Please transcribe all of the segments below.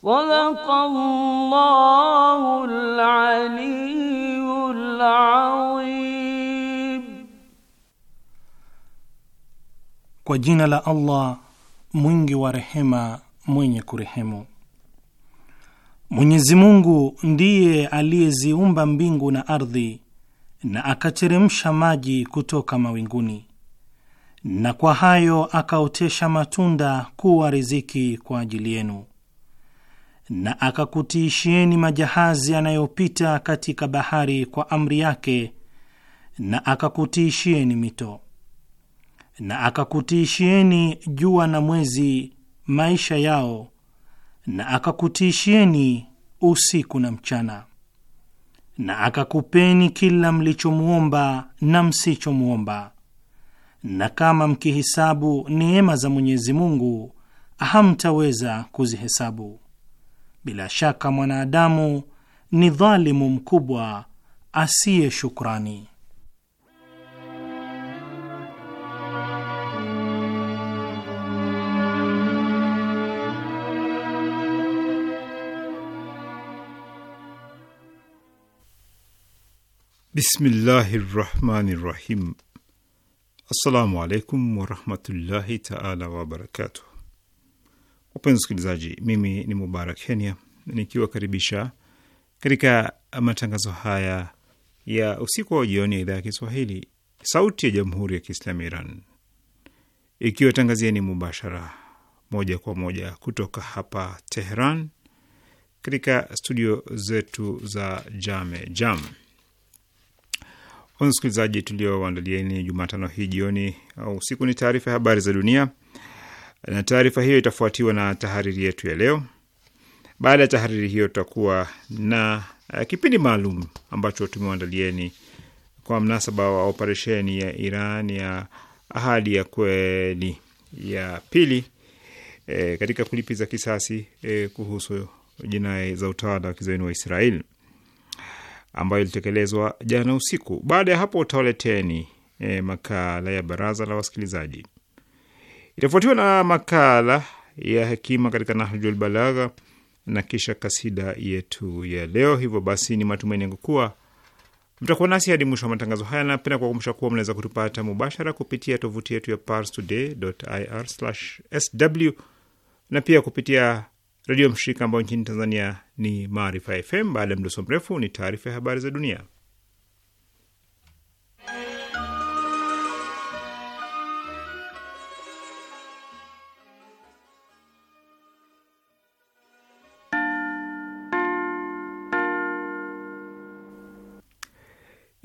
Kwa jina la Allah mwingi wa rehema mwenye kurehemu. Mwenyezi Mungu ndiye aliyeziumba mbingu na ardhi na akateremsha maji kutoka mawinguni na kwa hayo akaotesha matunda kuwa riziki kwa ajili yenu na akakutiishieni majahazi yanayopita katika bahari kwa amri yake, na akakutiishieni mito, na akakutiishieni jua na mwezi maisha yao, na akakutiishieni usiku na mchana, na akakupeni kila mlichomwomba na msichomwomba. Na kama mkihisabu neema za Mwenyezi Mungu hamtaweza kuzihesabu. Bila shaka mwanadamu ni dhalimu mkubwa asiye shukrani. Bismillahi rahmani rahim. Assalamu alaikum warahmatullahi taala wabarakatuh. Wapenzi wasikilizaji, mimi ni Mubarak Kenya nikiwakaribisha katika matangazo haya ya usiku wa jioni ya idhaa ya Kiswahili sauti ya jamhuri ya Kiislamu Iran ni mubashara moja kwa moja kutoka hapa teheran katika studio zetu za Jame Jam. Wasikilizaji, tulioandalieni Jumatano hii jioni au usiku ni taarifa ya habari za dunia na taarifa hiyo itafuatiwa na tahariri yetu ya leo. Baada ya tahariri hiyo, tutakuwa na uh, kipindi maalum ambacho tumewaandalieni kwa mnasaba wa operesheni ya Iran ya ahadi ya kweli ya pili e, katika kulipiza kisasi e, kuhusu jinai za utawala wa kizayuni wa Israeli ambayo ilitekelezwa jana usiku. Baada ya hapo utawaleteni e, makala ya baraza la wasikilizaji itafuatiwa na makala ya hekima katika Nahjul Balagha na kisha kasida yetu ya leo. Hivyo basi, ni matumaini yangu kuwa mtakuwa nasi hadi mwisho wa matangazo haya. Napenda kuwakumbusha kuwa mnaweza kutupata mubashara kupitia tovuti yetu ya parstoday.ir/sw na pia kupitia redio mshirika ambayo nchini Tanzania ni Maarifa FM. Baada ya mdoso mrefu, ni taarifa ya habari za dunia.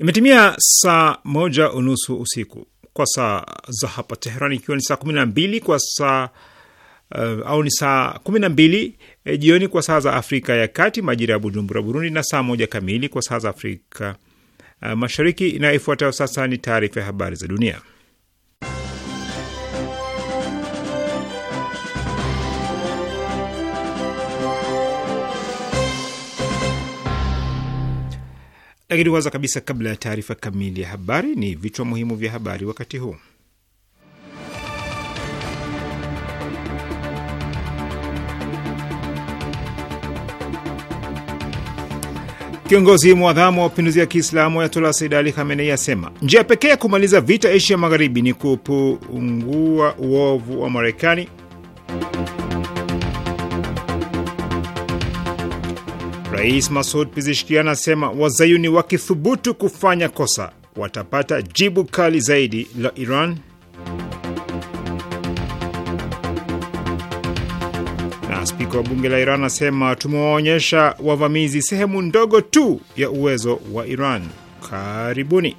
Imetimia saa moja unusu usiku kwa saa za hapa Teheran, ikiwa ni saa kumi na mbili kwa saa uh, au ni saa kumi na mbili e, jioni kwa saa za Afrika ya Kati, majira ya Bujumbura, Burundi, na saa moja kamili kwa saa za Afrika uh, Mashariki. Inayoifuatayo sasa ni taarifa ya habari za dunia. Lakini kwanza kabisa, kabla ya taarifa kamili ya habari, ni vichwa muhimu vya habari wakati huu. Kiongozi mwadhamu wa mapinduzi ya Kiislamu Ayatola Said Ali Khamenei asema njia pekee ya kumaliza vita Asia Magharibi ni kupungua uovu wa Marekani Rais Masud Pizishkian anasema wazayuni wakithubutu kufanya kosa watapata jibu kali zaidi la Iran. Na spika wa bunge la Iran anasema tumewaonyesha wavamizi sehemu ndogo tu ya uwezo wa Iran. Karibuni.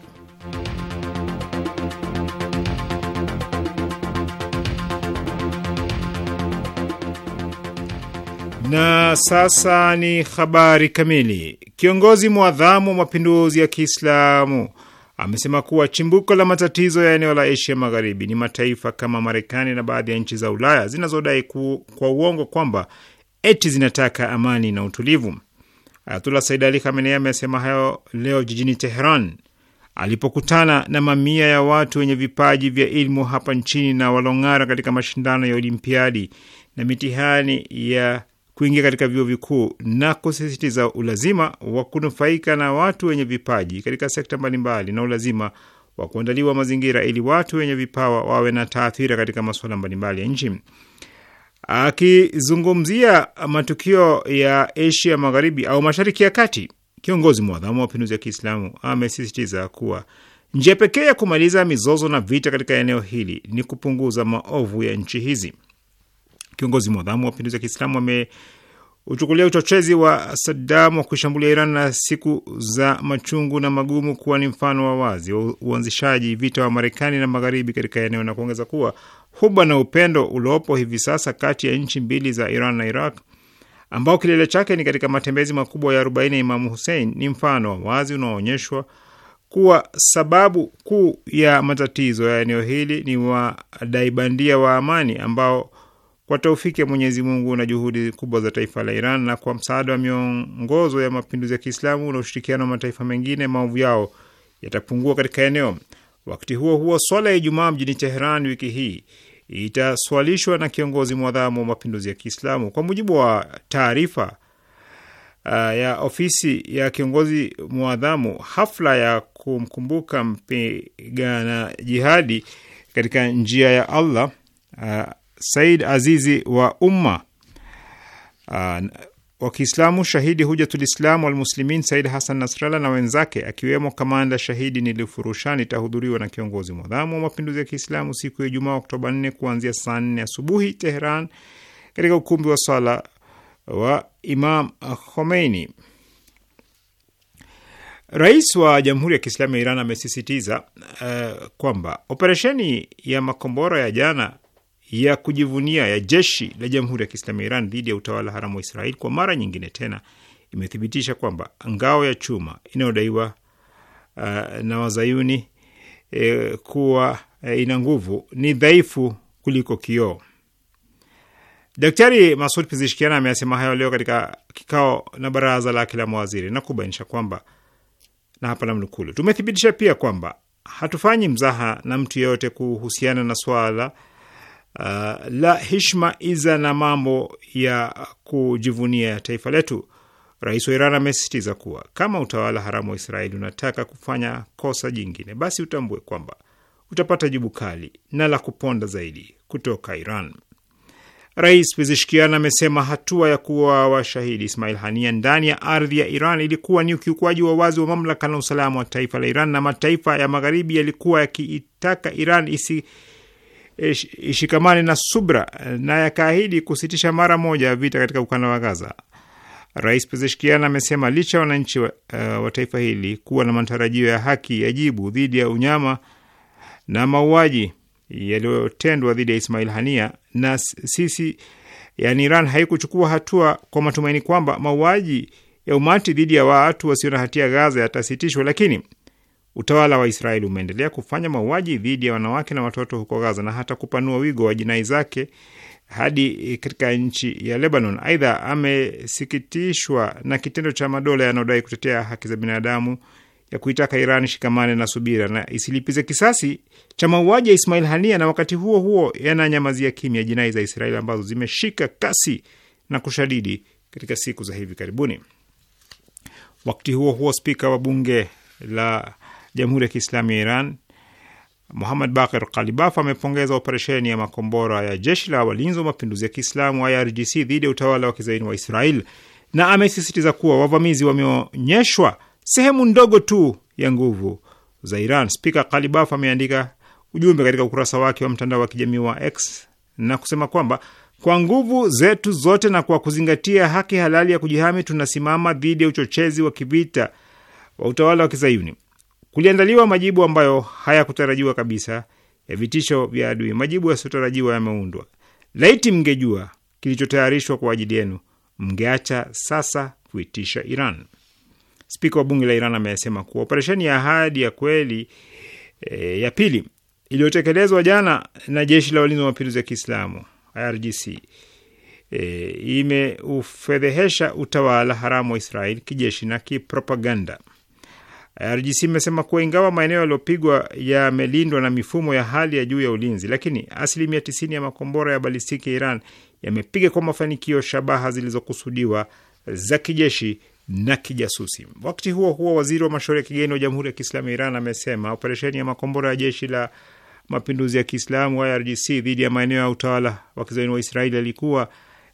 Na sasa ni habari kamili. Kiongozi mwadhamu wa mapinduzi ya Kiislamu amesema kuwa chimbuko la matatizo ya eneo la Asia Magharibi ni mataifa kama Marekani na baadhi ya nchi za Ulaya zinazodai ku, kwa uongo kwamba eti zinataka amani na utulivu. Ayatullah Said Ali Khamenei amesema hayo leo jijini Teheran alipokutana na mamia ya watu wenye vipaji vya ilmu hapa nchini na walong'ara katika mashindano ya Olimpiadi na mitihani ya kuingia katika vyuo vikuu na kusisitiza ulazima wa kunufaika na watu wenye vipaji katika sekta mbalimbali na ulazima wa kuandaliwa mazingira ili watu wenye vipawa wawe na taathira katika masuala mbalimbali ya nchi. Akizungumzia matukio ya Asia Magharibi au Mashariki ya Kati, kiongozi mwadhamu wa mapinduzi ya Kiislamu amesisitiza kuwa njia pekee ya kumaliza mizozo na vita katika eneo hili ni kupunguza maovu ya nchi hizi. Kiongozi mwadhamu wa mapinduzi ya Kiislamu ameuchukulia uchochezi wa Saddam wa kuishambulia Iran na siku za machungu na magumu kuwa ni mfano wa wazi wa uanzishaji vita wa Marekani na magharibi katika eneo na kuongeza kuwa huba na upendo uliopo hivi sasa kati ya nchi mbili za Iran na Iraq ambao kilele chake ni katika matembezi makubwa ya 40 ya Imamu Hussein ni mfano wa wazi unaoonyeshwa kuwa sababu kuu ya matatizo ya eneo hili ni wadaibandia wa amani ambao kwa taufiki ya Mwenyezi Mungu na juhudi kubwa za taifa la Iran na kwa msaada wa miongozo ya mapinduzi ya Kiislamu na ushirikiano wa mataifa mengine, maovu yao yatapungua katika eneo. Wakati huo huo, swala ya Ijumaa mjini Teheran wiki hii itaswalishwa na kiongozi mwadhamu wa mapinduzi ya Kiislamu. Kwa mujibu wa taarifa uh, ya ofisi ya kiongozi mwadhamu, hafla ya kumkumbuka mpigana jihadi katika njia ya Allah uh, Said Azizi wa Umma uh, wa Kiislamu shahidi Hujatul Islam wal Muslimin Said Hassan Nasrallah na wenzake akiwemo kamanda shahidi Nilifurushani itahudhuriwa na kiongozi mwadhamu wa mapinduzi ya Kiislamu siku ya Ijumaa Oktoba 4 kuanzia saa 4 asubuhi Tehran, katika ukumbi wa sala wa Imam Khomeini. Rais wa Jamhuri ya Kiislamu ya Iran amesisitiza uh, kwamba operesheni ya makombora ya jana ya kujivunia ya jeshi la Jamhuri ya Kiislamu ya Iran dhidi ya utawala haramu wa Israeli kwa mara nyingine tena imethibitisha kwamba ngao ya chuma inayodaiwa uh, na wazayuni eh, kuwa eh, ina nguvu ni dhaifu kuliko kioo. Daktari Masud Pizishkian ameyasema hayo leo katika kikao na baraza lake la mawaziri na kubainisha kwamba, na hapa namnukulu, tumethibitisha pia kwamba hatufanyi mzaha na mtu yeyote kuhusiana na swala uh, la hishma, iza na mambo ya kujivunia ya taifa letu. Rais wa Iran amesisitiza kuwa kama utawala haramu wa Israeli unataka kufanya kosa jingine, basi utambue kwamba utapata jibu kali na la kuponda zaidi kutoka Iran. Rais Pezeshkian amesema hatua ya kuwa washahidi Ismail Hania ndani ya ardhi ya Iran ilikuwa ni ukiukwaji wa wazi wa mamlaka na usalama wa taifa la Iran, na mataifa ya Magharibi yalikuwa yakiitaka Iran isi E, ishikamane na subra e, na yakaahidi kusitisha mara moja vita katika ukanda wa Gaza. Rais Pezeshkian amesema licha ya wananchi wa, uh, wa taifa hili kuwa na matarajio ya haki ya jibu dhidi ya unyama na mauaji yaliyotendwa dhidi ya Ismail Hania, na sisi yani Iran haikuchukua hatua kwa matumaini kwamba mauaji ya umati dhidi ya watu wasio na hatia Gaza yatasitishwa, lakini Utawala wa Israeli umeendelea kufanya mauaji dhidi ya wanawake na watoto huko Gaza na hata kupanua wigo wa jinai zake hadi eh, katika nchi ya Lebanon. Aidha, amesikitishwa na kitendo cha madola yanayodai kutetea haki za binadamu ya kuitaka Iran shikamane na subira na isilipize kisasi cha mauaji ya Ismail Hania, na wakati huo huo yananyamazia kimya jinai za Israeli ambazo zimeshika kasi na kushadidi katika siku za hivi karibuni. Wakati huo huo, spika wa bunge la Jamhuri ya Kiislamu ya Iran Muhammad Bakir Kalibaf amepongeza operesheni ya makombora ya jeshi la walinzi wa mapinduzi ya Kiislamu IRGC dhidi ya utawala wa kizaini wa Israel na amesisitiza kuwa wavamizi wameonyeshwa sehemu ndogo tu ya nguvu za Iran. Spika Qalibaf ameandika ujumbe katika ukurasa wake wa mtandao wa kijamii wa X na kusema kwamba kwa nguvu zetu zote na kwa kuzingatia haki halali ya kujihami tunasimama dhidi ya uchochezi wa kivita wa utawala wa kizayuni. Kuliandaliwa majibu ambayo hayakutarajiwa kabisa ya vitisho vya adui. Majibu yasiyotarajiwa yameundwa. Laiti mngejua kilichotayarishwa kwa ajili yenu, mngeacha sasa kuitisha Iran. Spika wa bunge la Iran amesema kuwa operesheni ya Ahadi ya Kweli e, ya pili iliyotekelezwa jana na jeshi la walinzi wa mapinduzi ya Kiislamu IRGC e, eh, imeufedhehesha utawala haramu wa israel kijeshi na kipropaganda. Eh, RGC imesema kuwa ingawa maeneo yaliyopigwa yamelindwa na mifumo ya hali ya juu ya ulinzi, lakini asilimia 90 ya makombora ya balistiki ya Iran yamepiga kwa mafanikio shabaha zilizokusudiwa za kijeshi na kijasusi. Wakati huo huo, waziri wa mashauri ya kigeni wa Jamhuri ya Kiislamu ya Iran amesema operesheni ya makombora ya jeshi la mapinduzi ya Kiislamu IRGC dhidi ya maeneo ya utawala wa kizayuni wa Israeli yalikuwa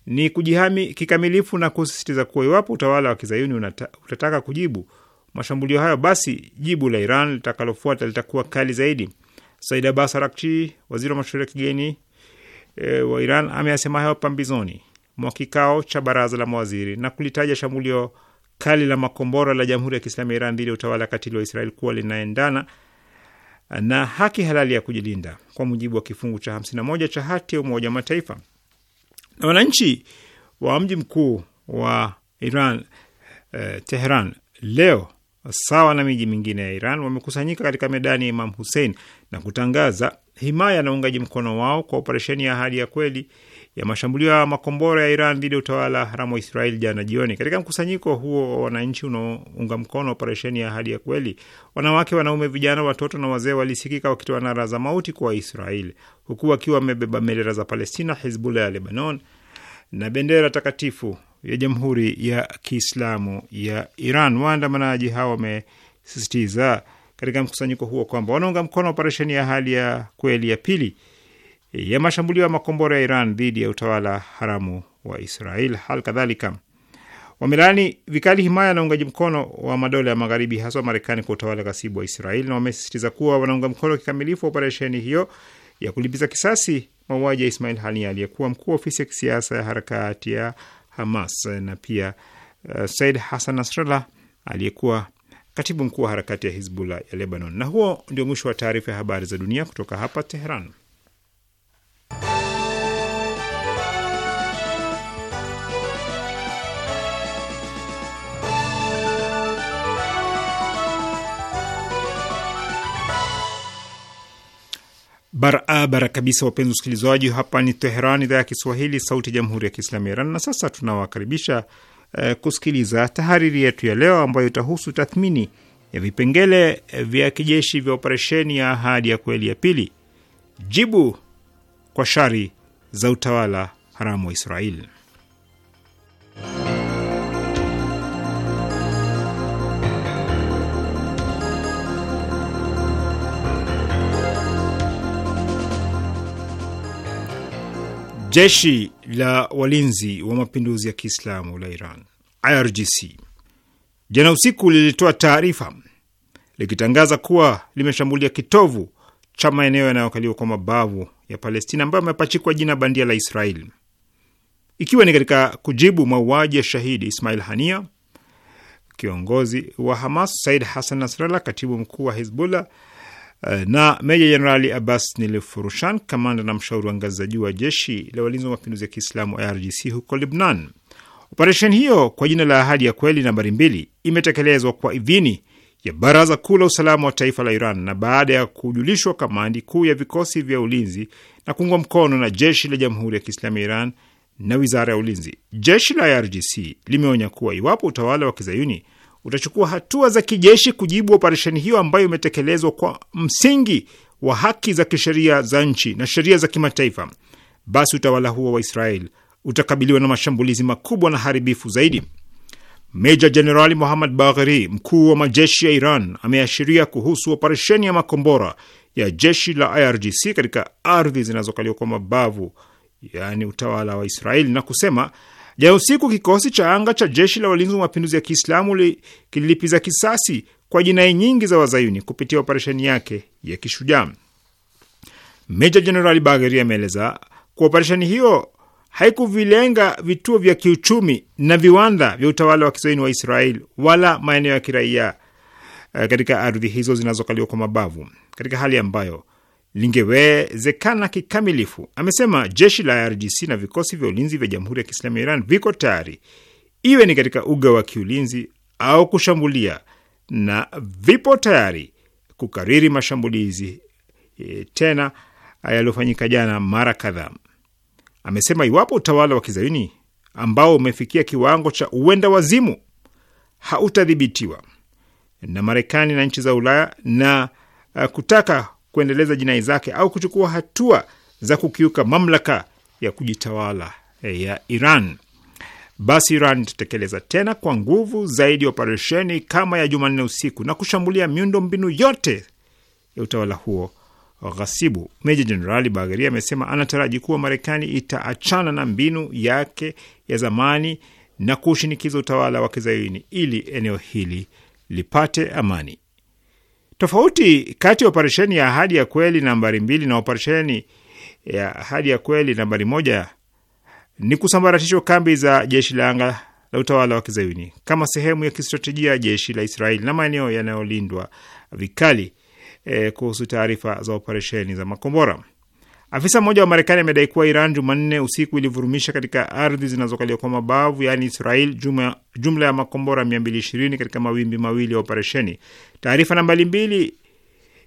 ni kujihami kikamilifu na kusisitiza kuwa iwapo utawala wa kizayuni utataka kujibu mashambulio hayo, basi jibu la Iran litakalofuata litakuwa kali zaidi. Said Abbas Arakchi, waziri wa mashauri ya kigeni e, wa Iran, ameyasema hayo pambizoni mwa kikao cha baraza la mawaziri na kulitaja shambulio kali la makombora la Jamhuri ya Kiislamu ya Iran dhidi ya utawala katili wa Israel kuwa linaendana na haki halali ya kujilinda kwa mujibu wa kifungu cha 51 cha hati ya Umoja wa Mataifa. Na wananchi wa mji mkuu wa Iran eh, Teheran leo sawa na miji mingine ya Iran wamekusanyika katika medani ya Imam Hussein na kutangaza himaya na uungaji mkono wao kwa operesheni ya Ahadi ya Kweli ya mashambulio ya makombora ya Iran dhidi ya utawala haramu wa Israel jana jioni. Katika mkusanyiko huo wa wananchi unaounga mkono operesheni ya Ahadi ya Kweli, wanawake, wanaume, vijana, watoto na wazee walisikika wakitoa nara za mauti kwa Israel, huku wakiwa wamebeba bendera za Palestina, Hizbullah ya Lebanon na bendera takatifu ya Jamhuri ya Kiislamu ya Iran. Waandamanaji hao wamesisitiza katika mkusanyiko huo kwamba wanaunga mkono operesheni ya hali ya kweli ya pili ya mashambulio ya makombora ya Iran dhidi ya utawala haramu wa Israel. Hal kadhalika wamelaani vikali himaya na uungaji mkono wa madola ya Magharibi, haswa Marekani, kwa utawala ghasibu wa Israel, na wamesisitiza kuwa wanaunga mkono kikamilifu wa operesheni hiyo ya kulipiza kisasi mauaji ya Ismail Hania aliyekuwa mkuu wa ofisi ya kisiasa ya harakati ya Hamas na pia uh, Said Hassan Nasrallah aliyekuwa katibu mkuu wa harakati ya Hizbullah ya Lebanon. Na huo ndio mwisho wa taarifa ya habari za dunia kutoka hapa Teheran. barabara kabisa, wapenzi wasikilizaji. Hapa ni Teheran, idhaa ya Kiswahili, sauti ya jamhuri ya kiislamu ya Iran. Na sasa tunawakaribisha uh, kusikiliza tahariri yetu ya leo ambayo itahusu tathmini ya vipengele eh, vya kijeshi vya operesheni ya Ahadi ya Kweli ya Pili, jibu kwa shari za utawala haramu wa Israeli. Jeshi la walinzi wa mapinduzi ya Kiislamu la Iran, IRGC, jana usiku lilitoa taarifa likitangaza kuwa limeshambulia kitovu cha maeneo yanayokaliwa kwa mabavu ya Palestina ambayo amepachikwa jina bandia la Israel, ikiwa ni katika kujibu mauaji ya shahidi Ismail Hania, kiongozi wa Hamas, Said Hassan Nasrallah, katibu mkuu wa Hizbullah Eh, na Meja Jenerali Abbas Nilfurushan, kamanda na mshauri wa ngazi za juu wa jeshi la walinzi wa mapinduzi ya Kiislamu IRGC huko Lebnan. Operesheni hiyo kwa jina la Ahadi ya Kweli nambari mbili imetekelezwa kwa idhini ya Baraza Kuu la Usalama wa Taifa la Iran na baada ya kujulishwa kamandi kuu ya vikosi vya ulinzi na kuungwa mkono na jeshi la Jamhuri ya Kiislamu ya Iran na wizara ya ulinzi. Jeshi la IRGC limeonya kuwa iwapo utawala wa kizayuni utachukua hatua za kijeshi kujibu operesheni hiyo ambayo imetekelezwa kwa msingi wa haki za kisheria za nchi na sheria za kimataifa, basi utawala huo wa Israel utakabiliwa na mashambulizi makubwa na haribifu zaidi. Meja Jenerali Mohammad Bagheri, mkuu wa majeshi ya Iran, ameashiria kuhusu operesheni ya makombora ya jeshi la IRGC katika ardhi zinazokaliwa kwa mabavu, yaani utawala wa Israel, na kusema Jana usiku kikosi cha anga cha jeshi la walinzi wa mapinduzi ya Kiislamu kililipiza kisasi kwa jinai nyingi za wazayuni kupitia operesheni yake ya kishujaa. Meja Jenerali Bagheri ameeleza kuwa operesheni hiyo haikuvilenga vituo vya kiuchumi na viwanda vya utawala wa kizayuni wa Israel wala maeneo ya kiraia eh, katika ardhi hizo zinazokaliwa kwa mabavu katika hali ambayo lingewezekana kikamilifu. Amesema jeshi la IRGC na vikosi vya ulinzi vya Jamhuri ya Kiislamu ya Iran viko tayari, iwe ni katika uga wa kiulinzi au kushambulia, na vipo tayari kukariri mashambulizi e, tena yaliyofanyika jana mara kadhaa. Amesema iwapo utawala wa kizayuni ambao umefikia kiwango cha uenda wazimu hautadhibitiwa na Marekani na nchi za Ulaya na uh, kutaka kuendeleza jinai zake au kuchukua hatua za kukiuka mamlaka ya kujitawala eh, ya Iran, basi Iran itatekeleza tena kwa nguvu zaidi operesheni kama ya Jumanne usiku na kushambulia miundo mbinu yote ya utawala huo ghasibu. Meja Jenerali Bagheri amesema anataraji kuwa Marekani itaachana na mbinu yake ya zamani na kushinikiza utawala wa kizaini ili eneo hili lipate amani. Tofauti kati ya operesheni ya ahadi ya kweli nambari mbili na operesheni ya ahadi ya kweli nambari moja ni kusambaratishwa kambi za jeshi la anga la utawala wa kizayuni kama sehemu ya kistratejia ya jeshi la Israeli na maeneo yanayolindwa vikali. E, kuhusu taarifa za operesheni za makombora Afisa mmoja wa Marekani amedai kuwa Iran Jumanne usiku ilivurumisha katika ardhi zinazokaliwa kwa mabavu yaani Israel jumla ya makombora 220 katika mawimbi mawili ya operesheni. Taarifa nambari mbili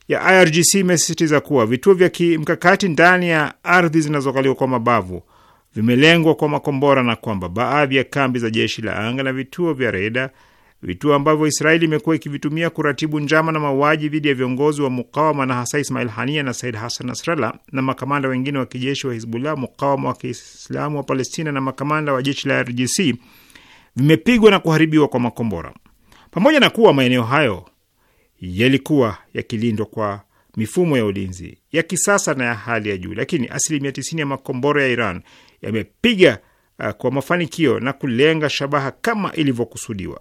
ya IRGC imesisitiza kuwa vituo vya kimkakati ndani ya ardhi zinazokaliwa kwa mabavu vimelengwa kwa makombora na kwamba baadhi ya kambi za jeshi la anga na vituo vya reda vituo ambavyo Israeli imekuwa ikivitumia kuratibu njama na mauaji dhidi ya viongozi wa mukawama na hasa Ismail Hania na Said Hassan Nasrallah na makamanda wengine wa kijeshi wa Hizbullah, mukawama wa Kiislamu wa Palestina na makamanda wa jeshi la RGC vimepigwa na kuharibiwa kwa makombora, pamoja na kuwa maeneo hayo yalikuwa yakilindwa kwa mifumo ya ulinzi ya kisasa na ya hali ya juu, lakini asilimia 90 ya makombora ya Iran yamepiga uh, kwa mafanikio na kulenga shabaha kama ilivyokusudiwa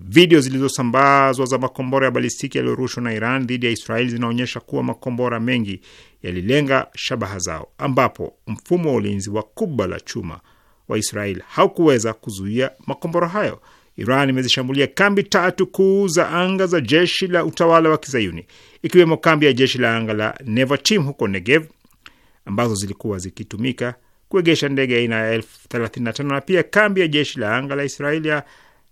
video zilizosambazwa za makombora ya balistiki yaliyorushwa na Iran dhidi ya Israeli zinaonyesha kuwa makombora mengi yalilenga shabaha zao, ambapo mfumo wa ulinzi wa kuba la chuma wa Israeli haukuweza kuzuia makombora hayo. Iran imezishambulia kambi tatu kuu za anga za jeshi la utawala wa Kizayuni, ikiwemo kambi ya jeshi la anga la Nevatim huko Negev, ambazo zilikuwa zikitumika kuegesha ndege aina ya F35 na pia kambi ya jeshi la anga la Israeli ya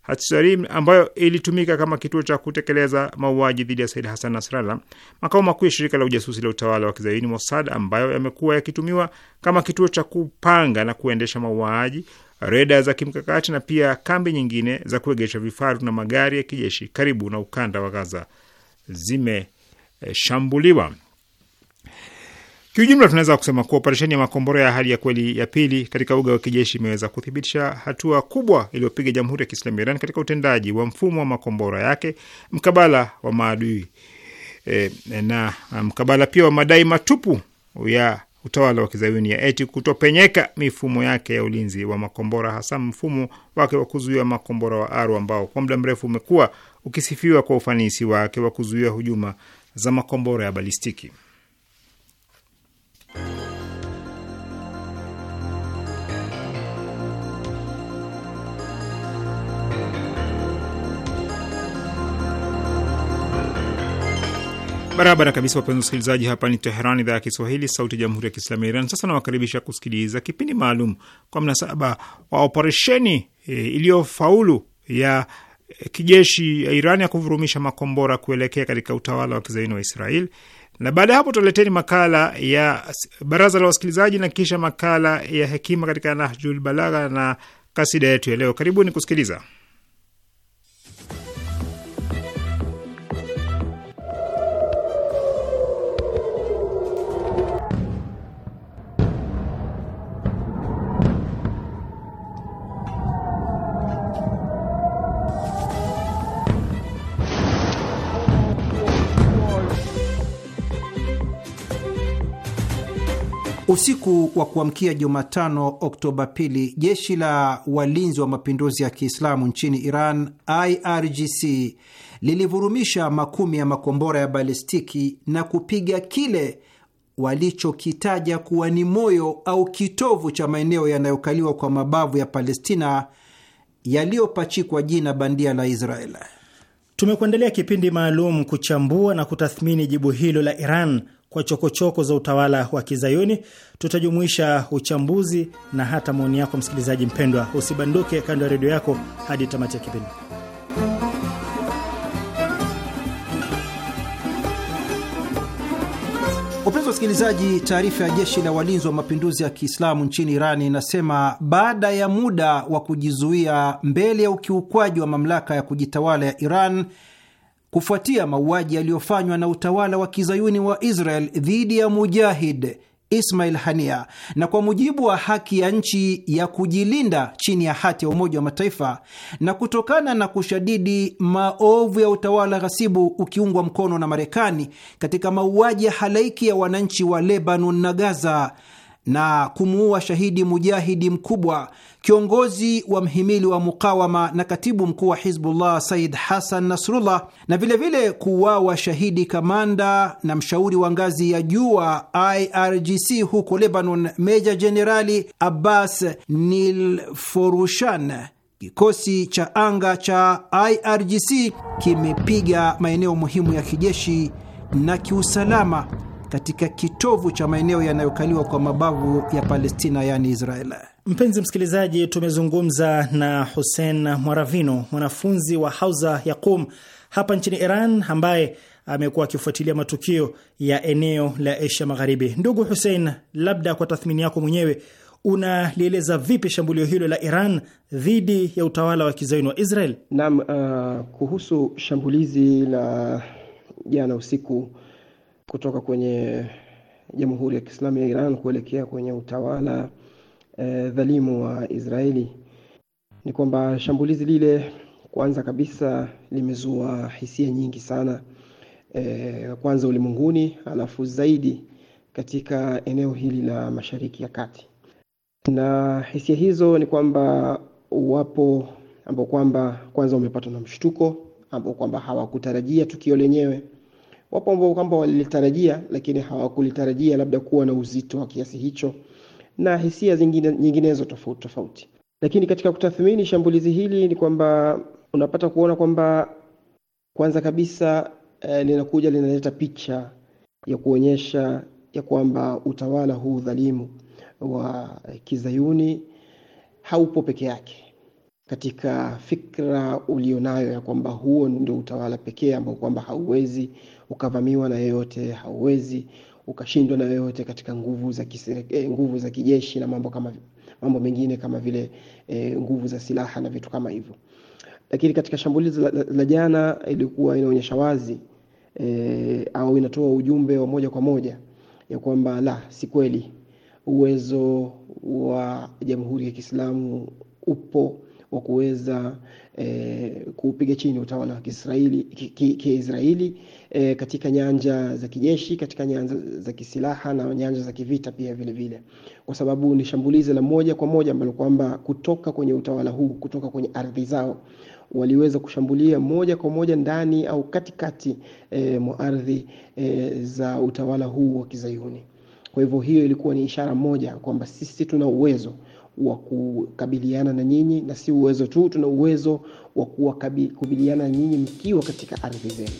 Hatsarim ambayo ilitumika kama kituo cha kutekeleza mauaji dhidi ya Said Hassan Nasrallah, makao makuu ya shirika la ujasusi la utawala wa kizaini Mossad, ambayo yamekuwa yakitumiwa kama kituo cha kupanga na kuendesha mauaji, reda za kimkakati na pia kambi nyingine za kuegesha vifaru na magari ya kijeshi karibu na ukanda wa Gaza zimeshambuliwa. Kiujumla, tunaweza kusema kuwa operesheni ya makombora ya hali ya kweli ya pili katika uga wa kijeshi imeweza kuthibitisha hatua kubwa iliyopiga Jamhuri ya Kiislamu ya Iran katika utendaji wa mfumo wa makombora yake mkabala wa maadui e, na e, mkabala pia wa madai matupu ya utawala wa kizayuni ya eti kutopenyeka mifumo yake ya ulinzi wa makombora hasa mfumo wake wa kuzuia makombora wa Aru ambao kwa muda mrefu umekuwa ukisifiwa kwa ufanisi wake wa kuzuia hujuma za makombora ya balistiki. Barabara kabisa, wapenzi wasikilizaji, hapa ni Teheran, idhaa ya Kiswahili, sauti ya jamhuri ya kiislamu ya Iran. Sasa nawakaribisha kusikiliza kipindi maalum kwa mnasaba wa operesheni e, iliyofaulu ya e, kijeshi ya Iran ya kuvurumisha makombora kuelekea katika utawala wa kizaini wa Israel na baada ya hapo tuleteni makala ya baraza la wasikilizaji na kisha makala ya hekima katika Nahjul Balagha na kasida yetu ya leo. Karibuni kusikiliza. Usiku wa kuamkia Jumatano, Oktoba pili, jeshi la walinzi wa mapinduzi ya Kiislamu nchini Iran, IRGC, lilivurumisha makumi ya makombora ya balistiki na kupiga kile walichokitaja kuwa ni moyo au kitovu cha maeneo yanayokaliwa kwa mabavu ya Palestina yaliyopachikwa jina bandia la Israel. Tumekuendelea kipindi maalum kuchambua na kutathmini jibu hilo la Iran kwa chokochoko choko za utawala wa Kizayuni. Tutajumuisha uchambuzi na hata maoni yako, msikilizaji mpendwa. Usibanduke kando ya redio yako hadi tamati ya kipindi. wa wasikilizaji, taarifa ya jeshi la walinzi wa mapinduzi ya Kiislamu nchini iran inasema baada ya muda wa kujizuia mbele ya ukiukwaji wa mamlaka ya kujitawala ya Iran kufuatia mauaji yaliyofanywa na utawala wa kizayuni wa Israel dhidi ya mujahid Ismail Hania, na kwa mujibu wa haki ya nchi ya kujilinda chini ya hati ya Umoja wa Mataifa, na kutokana na kushadidi maovu ya utawala ghasibu ukiungwa mkono na Marekani katika mauaji ya halaiki ya wananchi wa Lebanon na Gaza na kumuua shahidi mujahidi mkubwa kiongozi wa mhimili wa mukawama na katibu mkuu wa Hizbullah Said Hasan Nasrullah, na vilevile kuuawa shahidi kamanda na mshauri wa ngazi ya juu wa IRGC huko Lebanon, meja jenerali Abbas Nilforushan. Kikosi cha anga cha IRGC kimepiga maeneo muhimu ya kijeshi na kiusalama katika kitovu cha maeneo yanayokaliwa kwa mabavu ya Palestina, yaani Israel. Mpenzi msikilizaji, tumezungumza na Hussein Mwaravino, mwanafunzi wa hauza ya Qum hapa nchini Iran, ambaye amekuwa akifuatilia matukio ya eneo la Asia Magharibi. Ndugu Hussein, labda kwa tathmini yako mwenyewe unalieleza vipi shambulio hilo la Iran dhidi ya utawala wa kizayuni wa Israel? Naam, uh, kuhusu shambulizi la jana usiku kutoka kwenye Jamhuri ya Kiislamu ya Iran kuelekea kwenye utawala e, dhalimu wa Israeli ni kwamba shambulizi lile kwanza kabisa limezua hisia nyingi sana e, kwanza ulimwenguni, alafu zaidi katika eneo hili la Mashariki ya Kati, na hisia hizo ni kwamba wapo ambao kwamba kwanza wamepatwa na mshtuko ambao kwamba hawakutarajia tukio lenyewe Wapo ambao kwamba walilitarajia, lakini hawakulitarajia labda kuwa na uzito wa kiasi hicho na hisia zingine, nyinginezo tofauti tofauti. Lakini katika kutathmini shambulizi hili ni kwamba unapata kuona kwamba kwanza kabisa eh, linakuja linaleta picha ya kuonyesha ya kwamba utawala huu dhalimu wa kizayuni haupo peke yake katika fikra ulionayo ya kwamba huo ndio utawala pekee ambao kwamba hauwezi ukavamiwa na yeyote hauwezi ukashindwa na yoyote katika nguvu za eh, nguvu za kijeshi na mambo kama mambo mengine kama vile e, nguvu za silaha na vitu kama hivyo. Lakini katika shambulizi la, la, la jana ilikuwa inaonyesha wazi e, au inatoa ujumbe wa moja kwa moja ya kwamba la, si kweli uwezo wa Jamhuri ya Kiislamu upo wa kuweza eh, kupiga chini utawala wa Kiisraeli ki, eh, katika nyanja za kijeshi, katika nyanja za kisilaha na nyanja za kivita pia vile vile, kwa sababu ni shambulizi la moja kwa moja ambalo kwamba kutoka kwenye utawala huu, kutoka kwenye ardhi zao waliweza kushambulia moja kwa moja ndani au katikati eh, mwa ardhi eh, za utawala huu wa Kizayuni. Kwa hivyo hiyo ilikuwa ni ishara moja kwamba sisi tuna uwezo wa kukabiliana na nyinyi, na si uwezo tu, tuna uwezo wa kukabiliana na nyinyi mkiwa katika ardhi zenu.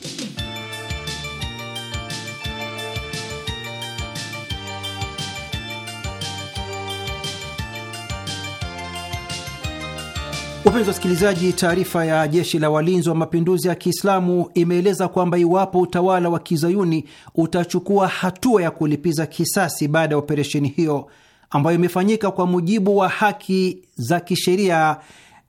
wa wasikilizaji, taarifa ya jeshi la walinzi wa mapinduzi ya Kiislamu imeeleza kwamba iwapo utawala wa kizayuni utachukua hatua ya kulipiza kisasi baada ya operesheni hiyo, ambayo imefanyika kwa mujibu wa haki za kisheria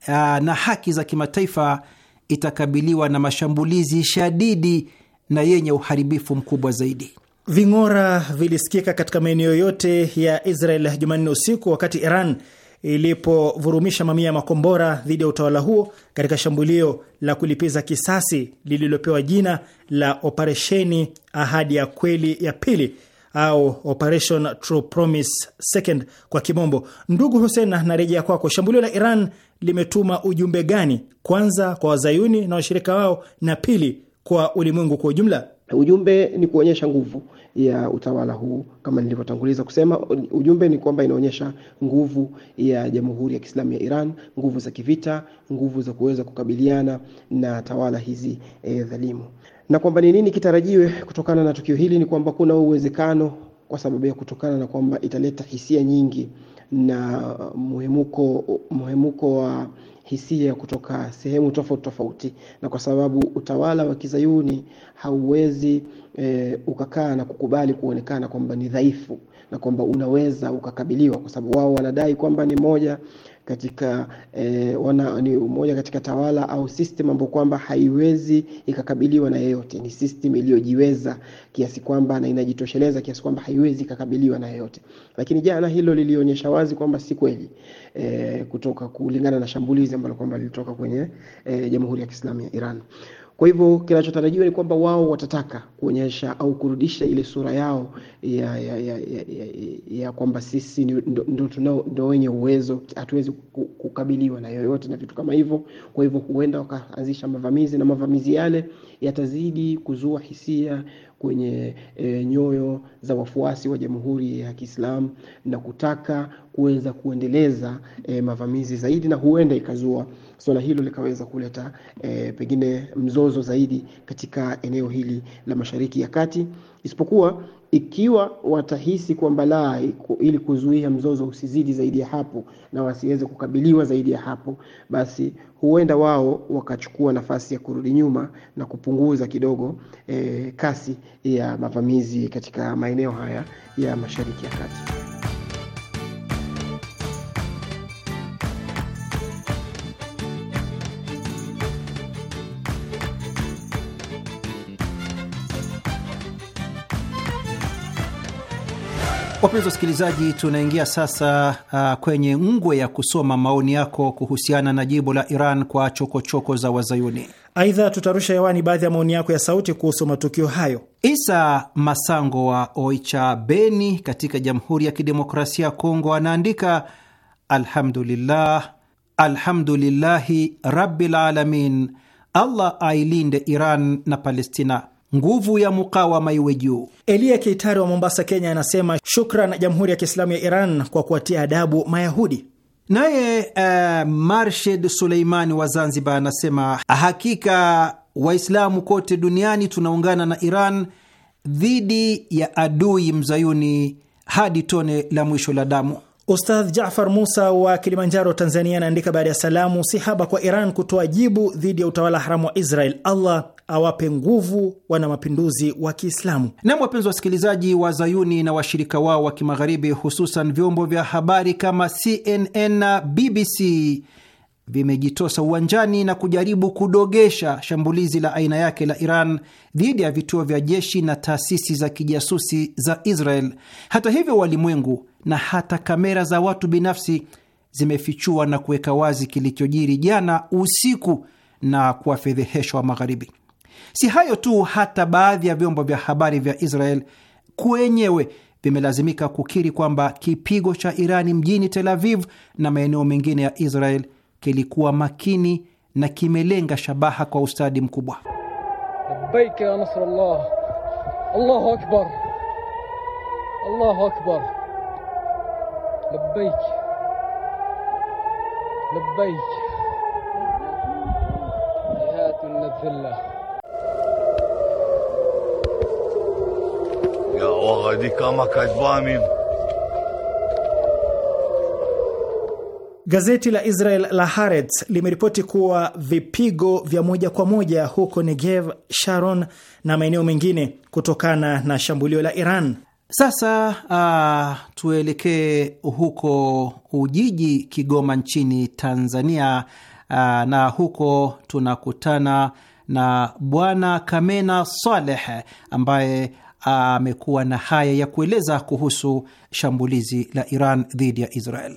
uh, na haki za kimataifa itakabiliwa na mashambulizi shadidi na yenye uharibifu mkubwa zaidi. Ving'ora vilisikika katika maeneo yote ya Israel Jumanne usiku wakati Iran ilipovurumisha mamia ya makombora dhidi ya utawala huo katika shambulio la kulipiza kisasi lililopewa jina la Operesheni Ahadi ya Kweli ya Pili au Operation True Promise Second kwa kimombo. Ndugu Hussein, narejea kwako, shambulio la Iran limetuma ujumbe gani, kwanza kwa wazayuni na washirika wao, na pili kwa ulimwengu kwa ujumla? Ujumbe ni kuonyesha nguvu ya utawala huu, kama nilivyotanguliza kusema, ujumbe ni kwamba inaonyesha nguvu ya Jamhuri ya Kiislamu ya Iran, nguvu za kivita, nguvu za kuweza kukabiliana na tawala hizi e, dhalimu na kwamba ni nini kitarajiwe kutokana na tukio hili, ni kwamba kuna uwezekano kwa sababu ya kutokana na kwamba italeta hisia nyingi na muhemuko muhemuko wa hisia kutoka sehemu tofauti tofauti, na kwa sababu utawala wa kizayuni hauwezi e, ukakaa na kukubali kuonekana kwamba ni dhaifu na kwamba unaweza ukakabiliwa, kwa sababu wao wanadai kwamba ni moja katika e, wana, ni umoja katika tawala au system ambayo kwamba haiwezi ikakabiliwa na yeyote. Ni system iliyojiweza kiasi kwamba na inajitosheleza kiasi kwamba haiwezi ikakabiliwa na yeyote. Lakini jana hilo lilionyesha wazi kwamba si kweli e, kutoka kulingana na shambulizi ambalo kwamba lilitoka kwenye e, Jamhuri ya Kiislamu ya Iran. Kwa hivyo kinachotarajiwa ni kwamba wao watataka kuonyesha au kurudisha ile sura yao ya, ya, ya, ya, ya, ya kwamba sisi ndo wenye uwezo, hatuwezi kukabiliwa na yoyote na vitu kama hivyo. Kwa hivyo huenda wakaanzisha mavamizi na mavamizi yale yatazidi kuzua hisia kwenye e, nyoyo za wafuasi wa Jamhuri ya Kiislamu na kutaka kuweza kuendeleza e, mavamizi zaidi, na huenda ikazua swala hilo likaweza kuleta e, pengine mzozo zaidi katika eneo hili la Mashariki ya Kati, isipokuwa ikiwa watahisi kwamba la, ili kuzuia mzozo usizidi zaidi ya hapo na wasiweze kukabiliwa zaidi ya hapo, basi huenda wao wakachukua nafasi ya kurudi nyuma na kupunguza kidogo eh, kasi ya mavamizi katika maeneo haya ya Mashariki ya Kati. Wapenzi wasikilizaji, tunaingia sasa uh, kwenye ngwe ya kusoma maoni yako kuhusiana na jibu la Iran kwa chokochoko choko za Wazayuni. Aidha, tutarusha hewani baadhi ya maoni yako ya sauti kuhusu matukio hayo. Isa Masango wa Oicha, Beni katika Jamhuri ya Kidemokrasia ya Kongo anaandika alhamdulillah, alhamdulillahi rabbil alamin. Allah ailinde Iran na Palestina nguvu ya mukawama iwe juu. Eliya Keitari wa Mombasa, Kenya, anasema shukran Jamhuri ya Kiislamu ya Iran kwa kuwatia adabu Mayahudi. Naye uh, eh, Marshed Suleimani wa Zanzibar anasema hakika Waislamu kote duniani tunaungana na Iran dhidi ya adui mzayuni hadi tone la mwisho la damu. Ustadh Jafar Musa wa Kilimanjaro, Tanzania, anaandika baada ya salamu, si haba kwa Iran kutoa jibu dhidi ya utawala haramu wa Israel. Allah awape nguvu wana mapinduzi wa Kiislamu. Nam, wapenzi wasikilizaji, wa Zayuni na washirika wao wa Kimagharibi, hususan vyombo vya habari kama CNN na BBC vimejitosa uwanjani na kujaribu kudogesha shambulizi la aina yake la Iran dhidi ya vituo vya jeshi na taasisi za kijasusi za Israel. Hata hivyo, walimwengu na hata kamera za watu binafsi zimefichua na kuweka wazi kilichojiri jana usiku na kuwafedhehesha wa Magharibi. Si hayo tu, hata baadhi ya vyombo vya habari vya Israel kwenyewe vimelazimika kukiri kwamba kipigo cha Irani mjini Tel Aviv na maeneo mengine ya Israel kilikuwa makini na kimelenga shabaha kwa ustadi mkubwa. ya Nasrallah, Allahu akbar, Allahu akbar, labbaik labbaik ya Gazeti la Israel la Haaretz limeripoti kuwa vipigo vya moja kwa moja huko Negev, Sharon na maeneo mengine kutokana na shambulio la Iran. Sasa uh, tuelekee huko Ujiji, Kigoma nchini Tanzania. Uh, na huko tunakutana na Bwana Kamena Saleh ambaye ah, amekuwa uh, na haya ya kueleza kuhusu shambulizi la Iran dhidi ya Israel.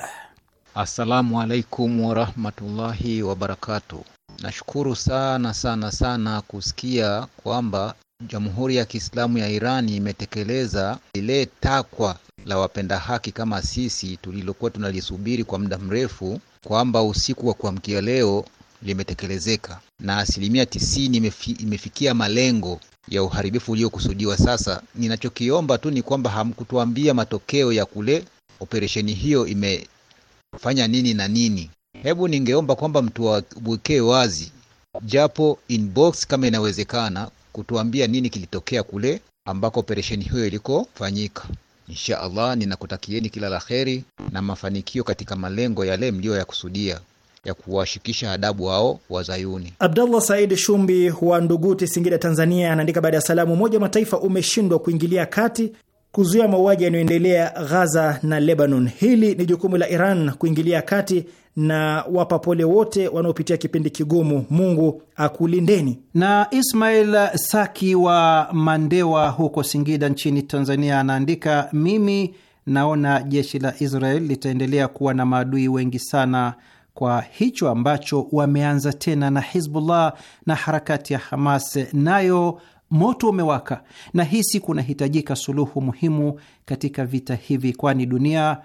Assalamu alaikum warahmatullahi wabarakatu Nashukuru sana sana sana kusikia kwamba Jamhuri ya Kiislamu ya Irani imetekeleza lile takwa la wapenda haki kama sisi tulilokuwa tunalisubiri kwa muda mrefu, kwamba usiku wa kuamkia leo limetekelezeka na asilimia tisini imefi, imefikia malengo ya uharibifu uliokusudiwa. Sasa ninachokiomba tu ni kwamba hamkutuambia matokeo ya kule operesheni hiyo ime kufanya nini na nini. Hebu ningeomba kwamba mtuwekee wazi japo inbox kama inawezekana, kutuambia nini kilitokea kule ambako operesheni hiyo ilikofanyika. Insha Allah, ninakutakieni kila la kheri na mafanikio katika malengo yale mliyoyakusudia ya kuwashikisha adabu hao wazayuni. Abdallah Said Shumbi wa Nduguti, Singida, Tanzania, anaandika baada ya salamu, Umoja wa Mataifa umeshindwa kuingilia kati kuzuia mauaji yanayoendelea Ghaza na Lebanon. Hili ni jukumu la Iran kuingilia kati na wapa pole wote wanaopitia kipindi kigumu. Mungu akulindeni. Na Ismail Saki wa Mandewa huko Singida nchini Tanzania anaandika, mimi naona jeshi la Israel litaendelea kuwa na maadui wengi sana kwa hicho ambacho wameanza tena na Hizbullah na harakati ya Hamas nayo moto umewaka, na hisi kunahitajika suluhu muhimu katika vita hivi, kwani dunia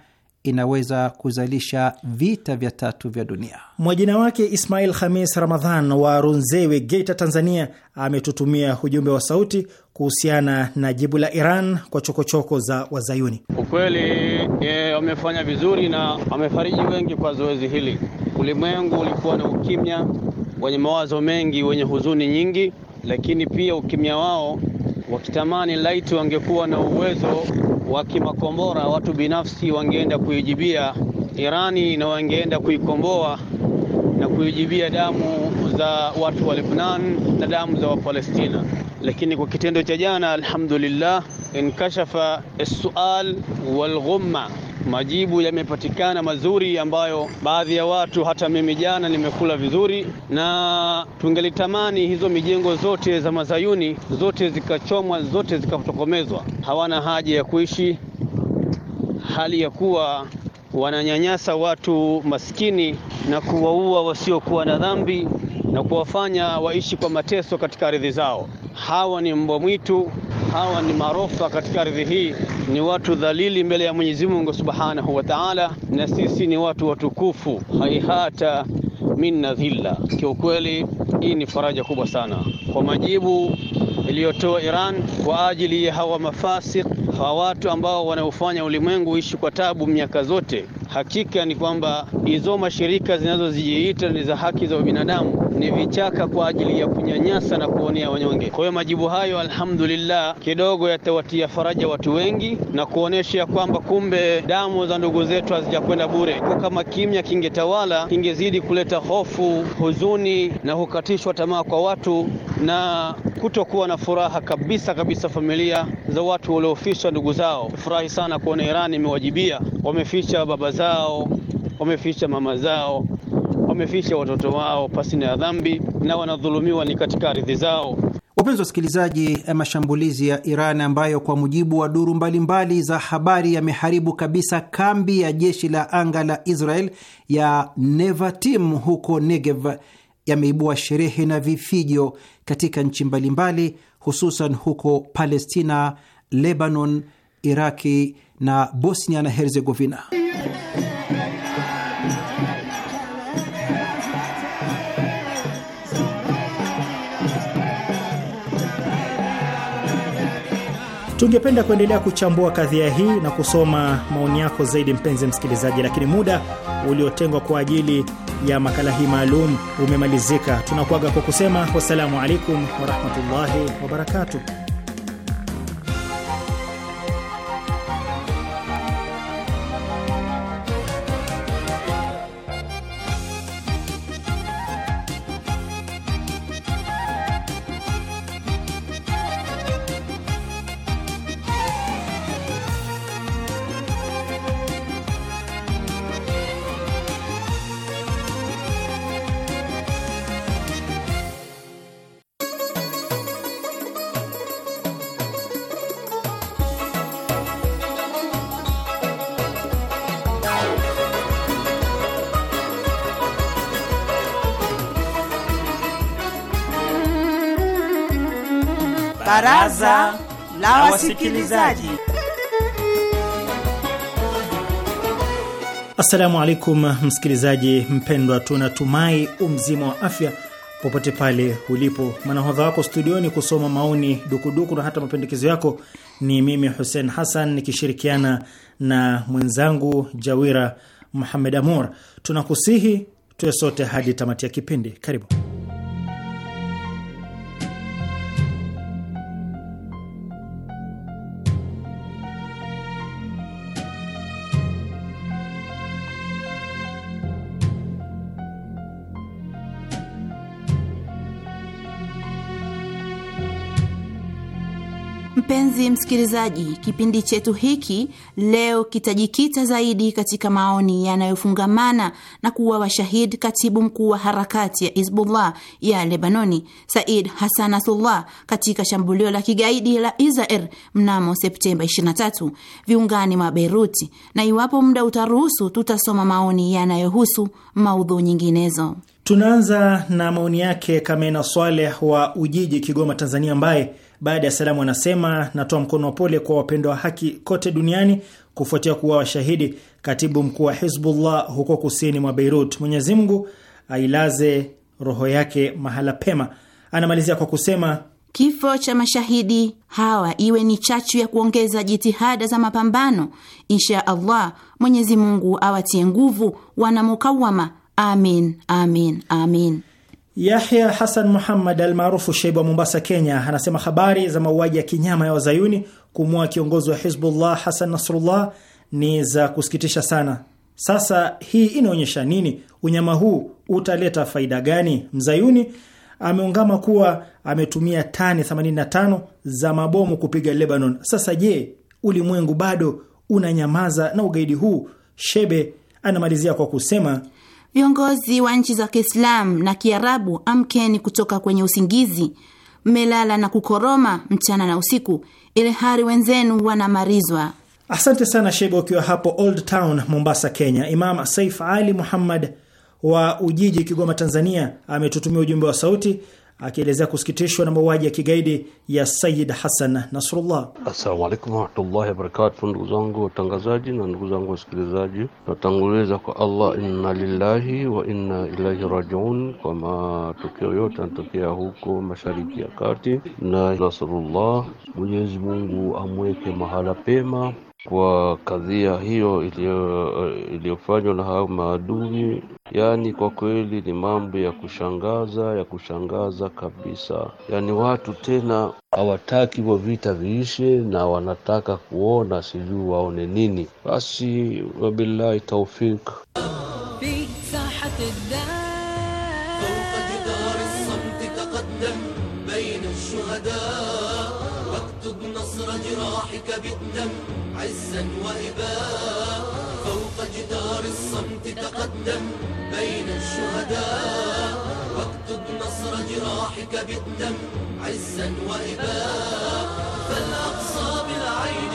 inaweza kuzalisha vita vya tatu vya dunia. Mwajina wake Ismail Khamis Ramadhan wa Runzewe, Geita, Tanzania, ametutumia ujumbe wa sauti kuhusiana na jibu la Iran kwa chokochoko choko za Wazayuni. Ukweli wamefanya vizuri na wamefariji wengi kwa zoezi hili. Ulimwengu ulikuwa na ukimya wenye mawazo mengi, wenye huzuni nyingi lakini pia ukimya wao wakitamani laiti wangekuwa na uwezo wa kimakombora, watu binafsi wangeenda kuijibia Irani na wangeenda kuikomboa na kuijibia damu za watu wa Lebanon na damu za Wapalestina. Lakini kwa kitendo cha jana, alhamdulillah, inkashafa as-sual wal majibu yamepatikana mazuri, ambayo baadhi ya watu hata mimi jana nimekula vizuri, na tungelitamani hizo mijengo zote za mazayuni zote zikachomwa, zote zikatokomezwa. Hawana haja ya kuishi hali ya kuwa wananyanyasa watu maskini na kuwaua wasiokuwa na dhambi na kuwafanya waishi kwa mateso katika ardhi zao hawa ni mbwa mwitu, hawa ni marofa katika ardhi hii, ni watu dhalili mbele ya Mwenyezi Mungu Subhanahu wa Ta'ala, na sisi ni watu watukufu. haihata minna dhilla. Kiukweli hii ni faraja kubwa sana kwa majibu iliyotoa Iran kwa ajili ya hawa mafasik, hawa watu ambao wanaofanya ulimwengu uishi kwa tabu miaka zote. Hakika ni kwamba hizo mashirika zinazozijiita ni za haki za binadamu ni vichaka kwa ajili ya kunyanyasa na kuonea wanyonge. Kwa hiyo majibu hayo, alhamdulillah, kidogo yatawatia faraja watu wengi na kuonesha kwamba kumbe damu za ndugu zetu hazijakwenda bure. Kwa kama kimya kingetawala, kingezidi kuleta hofu, huzuni na hukatishwa tamaa kwa watu na kutokuwa na furaha kabisa kabisa. Familia za watu waliofichwa ndugu zao furahi sana kuona iran imewajibia. Wameficha baba zao, wameficha mama zao, wameficha watoto wao pasi na dhambi, na wanadhulumiwa ni katika ardhi zao. Wapenzi wasikilizaji, eh, mashambulizi ya Iran ambayo kwa mujibu wa duru mbalimbali mbali za habari yameharibu kabisa kambi ya jeshi la anga la Israel ya Nevatim huko Negev yameibua sherehe na vifijo katika nchi mbalimbali, hususan huko Palestina, Lebanon, Iraki na Bosnia na Herzegovina. Tungependa kuendelea kuchambua kadhia hii na kusoma maoni yako zaidi, mpenzi msikilizaji, lakini muda uliotengwa kwa ajili ya makala hii maalum umemalizika. Tunakuaga kwa kusema wassalamu alaikum warahmatullahi wabarakatuh. Baraza la Wasikilizaji. Assalamu alaikum, msikilizaji mpendwa, tunatumai umzima wa afya popote pale ulipo. Mwanahodha wako studioni kusoma maoni, dukuduku na hata mapendekezo yako. Ni mimi Hussein Hassan nikishirikiana na mwenzangu Jawira Muhamed amor Tunakusihi tuwe sote hadi tamati ya kipindi. Karibu. msikilizaji, kipindi chetu hiki leo kitajikita zaidi katika maoni yanayofungamana na kuwa washahid katibu mkuu wa harakati ya Hizbullah ya Lebanoni Said Hassan Nasrallah katika shambulio la kigaidi la Israel mnamo Septemba 23 viungani mwa Beiruti, na iwapo muda utaruhusu, tutasoma maoni yanayohusu maudhu nyinginezo. Tunaanza na maoni yake Kamena Swaleh wa Ujiji, Kigoma, Tanzania, ambaye baada ya salamu, anasema natoa mkono wa pole kwa wapendo wa haki kote duniani kufuatia kuwa washahidi katibu mkuu wa Hizbullah huko kusini mwa Beirut. Mwenyezi Mungu ailaze roho yake mahala pema. Anamalizia kwa kusema Kifo cha mashahidi hawa iwe ni chachu ya kuongeza jitihada za mapambano. Insha Allah, Mwenyezi Mungu awatie nguvu wanamukawama. Amin, amin, amin. Yahya hasan Muhammad almaarufu Sheibu wa Mombasa, Kenya, anasema habari za mauaji ya kinyama ya wazayuni kumua kiongozi wa Hizbullah hasan Nasrullah ni za kusikitisha sana. Sasa hii inaonyesha nini? Unyama huu utaleta faida gani? Mzayuni ameungama kuwa ametumia tani 85 za mabomu kupiga Lebanon. Sasa je, ulimwengu bado unanyamaza na ugaidi huu? Shebe anamalizia kwa kusema Viongozi wa nchi za Kiislamu na Kiarabu, amkeni kutoka kwenye usingizi. Mmelala na kukoroma mchana na usiku, ili hari wenzenu wanamarizwa. Asante sana Sheiba, ukiwa hapo Old Town Mombasa, Kenya. Imam Saif Ali Muhammad wa Ujiji, Kigoma, Tanzania, ametutumia ujumbe wa sauti akielezea kusikitishwa na mauaji ya kigaidi ya sayid Hassan Nasrullah. Assalamu alaikum warahmatullahi wabarakatuh, ndugu zangu watangazaji na ndugu zangu wasikilizaji, natanguliza kwa Allah, inna lillahi wa inna ilaihi rajiun, kwa matukio yote anatokea huko mashariki ya kati, na Nasrullah, Mwenyezi Mungu amweke mahala pema kwa kadhia hiyo iliyofanywa na hao maadui. Yaani kwa kweli ni mambo ya kushangaza, ya kushangaza kabisa. Yaani watu tena hawataki wa vita viishe na wanataka kuona sijui waone nini. Basi wabillahi taufik أبدا واكتب نصر جراحك بالدم عزا وإباء فالأقصى بالعين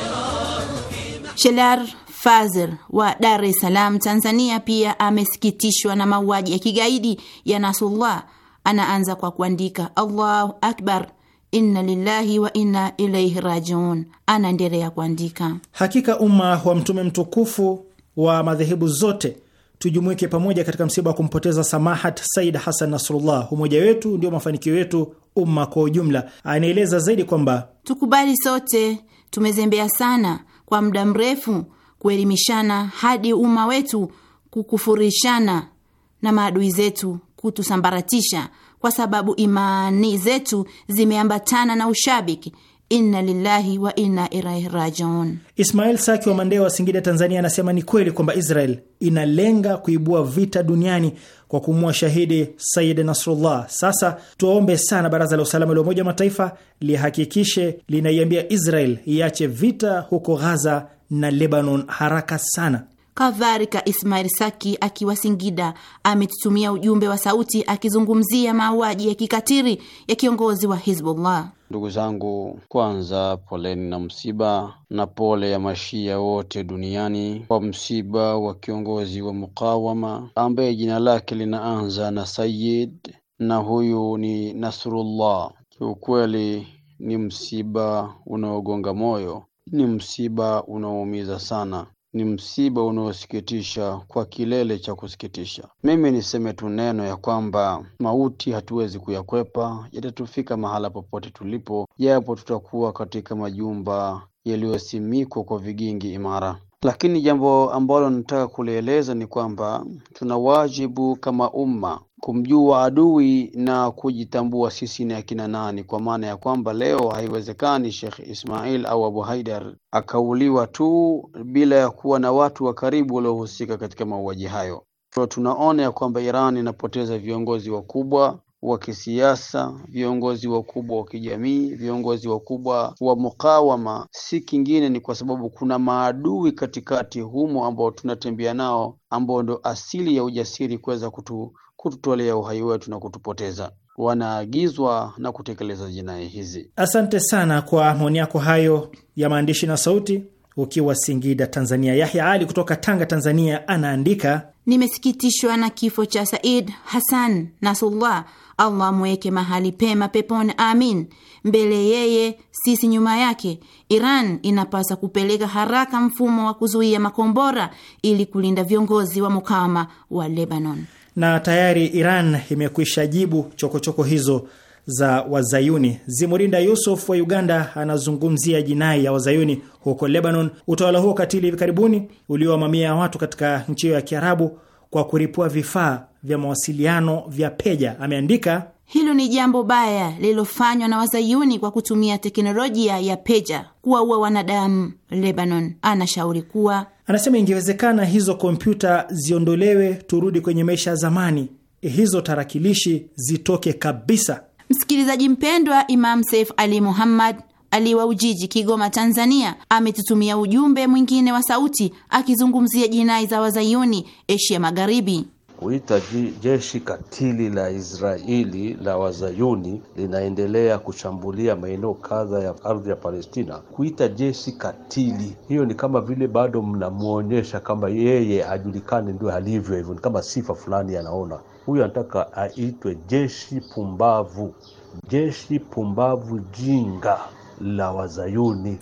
شلار Fazel wa Dar es Salaam Tanzania pia amesikitishwa na mauaji ya kigaidi ya Nasullah. Anaanza kwa kuandika Allahu akbar inna lillahi wa inna ilaihi rajiun. Anaendelea kuandika, hakika umma wa mtume mtukufu wa madhehebu zote tujumuike pamoja katika msiba wa kumpoteza Samahat Said Hasan Nasrullah. Umoja wetu ndio mafanikio yetu, umma kwa ujumla. Anaeleza zaidi kwamba tukubali sote tumezembea sana kwa muda mrefu kuelimishana hadi umma wetu kukufurishana na maadui zetu kutusambaratisha, kwa sababu imani zetu zimeambatana na ushabiki inna lillahi wa inna ilaihi rajiun. Ismail Saki wa Mandeo wa Singida, Tanzania, anasema ni kweli kwamba Israel inalenga kuibua vita duniani kwa kumua shahidi sayid Nasrullah. Sasa tuwaombe sana Baraza la Usalama la Umoja wa Mataifa lihakikishe linaiambia Israel iache vita huko Ghaza na Lebanon haraka sana. Kadhalika, Ismail Saki akiwa Singida ametutumia ujumbe wa sauti akizungumzia mauaji ya kikatiri ya kiongozi wa Hizbullah. Ndugu zangu, kwanza poleni na msiba na pole ya mashia wote duniani kwa msiba wa kiongozi wa mukawama ambaye jina lake linaanza na sayid na huyu ni Nasrullah. Kiukweli ni msiba unaogonga moyo, ni msiba unaoumiza sana ni msiba unaosikitisha kwa kilele cha kusikitisha. Mimi niseme tu neno ya kwamba mauti hatuwezi kuyakwepa, yatatufika mahala popote tulipo, japo tutakuwa katika majumba yaliyosimikwa kwa vigingi imara. Lakini jambo ambalo nataka kulieleza ni kwamba tuna wajibu kama umma kumjua adui na kujitambua sisi ni akina nani, kwa maana ya kwamba leo haiwezekani Sheikh Ismail au Abu Haidar akauliwa tu bila ya kuwa na watu wa karibu waliohusika katika mauaji hayo. Tunaona ya kwamba Iran inapoteza viongozi wakubwa wa kisiasa, viongozi wakubwa wa kijamii, viongozi wakubwa wa mukawama. Si kingine ni kwa sababu kuna maadui katikati humo ambao tunatembea nao, ambao ndo asili ya ujasiri kuweza kutu kututolea uhai wetu na kutupoteza wanaagizwa na kutekeleza jinai hizi. Asante sana kwa maoni yako hayo ya maandishi na sauti, ukiwa Singida, Tanzania. Yahya Ali kutoka Tanga, Tanzania, anaandika nimesikitishwa na kifo cha Said Hassan Nasullah, Allah mweke mahali pema peponi, amin. Mbele yeye sisi, nyuma yake. Iran inapasa kupeleka haraka mfumo wa kuzuia makombora ili kulinda viongozi wa mukawama wa Lebanon na tayari Iran imekwisha jibu chokochoko choko hizo za Wazayuni. Zimurinda Yusuf wa Uganda anazungumzia jinai ya Wazayuni huko Lebanon. Utawala huo katili hivi karibuni uliowa mamia ya watu katika nchi hiyo ya Kiarabu kwa kuripua vifaa vya mawasiliano vya peja. Ameandika hilo ni jambo baya lililofanywa na wazayuni kwa kutumia teknolojia ya peja kuwaua wanadamu Lebanon. Anashauri kuwa, anasema ingewezekana hizo kompyuta ziondolewe, turudi kwenye maisha ya zamani, hizo tarakilishi zitoke kabisa. Msikilizaji mpendwa, Imam Saif Ali Muhammad ali wa Ujiji, Kigoma, Tanzania, ametutumia ujumbe mwingine wa sauti akizungumzia jinai za wazayuni Asia Magharibi kuita jeshi katili la Israeli la wazayuni linaendelea kushambulia maeneo kadha ya ardhi ya Palestina, kuita jeshi katili, hiyo ni kama vile bado mnamwonyesha kama yeye ajulikane ndio alivyo hivyo, ni kama sifa fulani anaona huyu anataka aitwe jeshi pumbavu, jeshi pumbavu jinga la wazayuni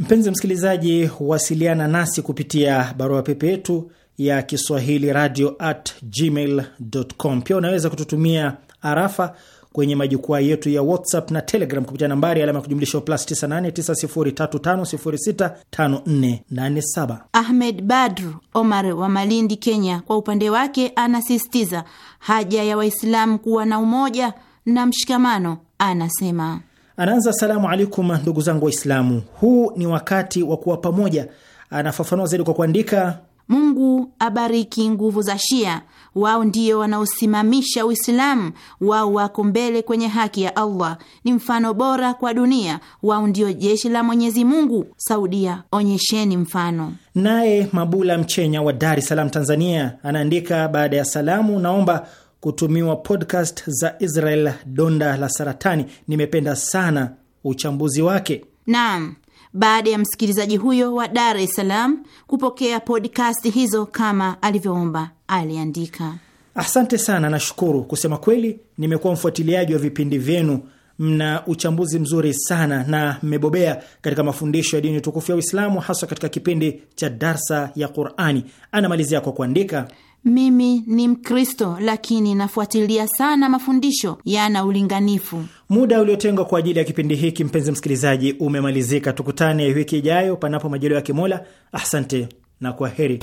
Mpenzi msikilizaji, wasiliana nasi kupitia barua pepe yetu ya Kiswahili radio at gmail.com. Pia unaweza kututumia arafa kwenye majukwaa yetu ya WhatsApp na Telegram kupitia nambari alama ya kujumlisha plus 989035065487. Ahmed Badru Omar wa Malindi, Kenya, kwa upande wake anasisitiza haja ya Waislamu kuwa na umoja na mshikamano. Anasema, anaanza salamu alaikum, ndugu zangu Waislamu, huu ni wakati wa kuwa pamoja. Anafafanua zaidi kwa kuandika, Mungu abariki nguvu za Shia wao ndio wanaosimamisha Uislamu, wao wako mbele kwenye haki ya Allah, ni mfano bora kwa dunia. Wao ndio jeshi la Mwenyezi Mungu. Saudia, onyesheni mfano. Naye Mabula Mchenya wa Dar es Salaam, Tanzania, anaandika baada ya salamu, naomba kutumiwa podcast za Israel donda la saratani. Nimependa sana uchambuzi wake. Naam baada ya msikilizaji huyo wa Dar es Salaam kupokea podcast hizo kama alivyoomba. Aliandika, asante sana, nashukuru. Kusema kweli, nimekuwa mfuatiliaji wa vipindi vyenu. Mna uchambuzi mzuri sana na mmebobea katika mafundisho ya dini tukufu ya Uislamu, haswa katika kipindi cha darsa ya Qurani. Anamalizia kwa kuandika mimi ni Mkristo, lakini nafuatilia sana mafundisho yana ulinganifu. Muda uliotengwa kwa ajili ya kipindi hiki, mpenzi msikilizaji, umemalizika. Tukutane wiki ijayo, panapo majaliwa ya Kimola. Asante na kwa heri.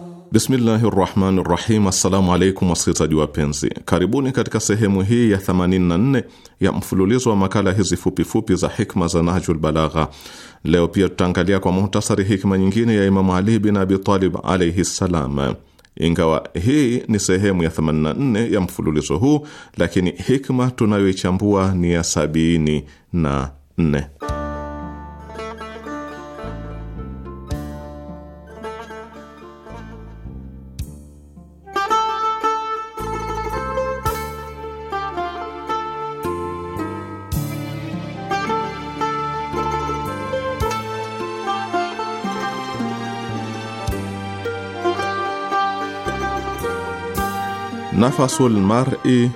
Bismillahi rahmani rahim. Assalamu alaikum wasikilizaji wapenzi, karibuni katika sehemu hii ya 84 ya mfululizo wa makala hizi fupifupi za hikma za Nahjul Balagha. Leo pia tutaangalia kwa muhtasari hikma nyingine ya Imamu Ali bin Abi Talib alaihi ssalam. Ingawa hii ni sehemu ya 84 ya mfululizo huu, lakini hikma tunayoichambua ni ya 74. nafasul mar'i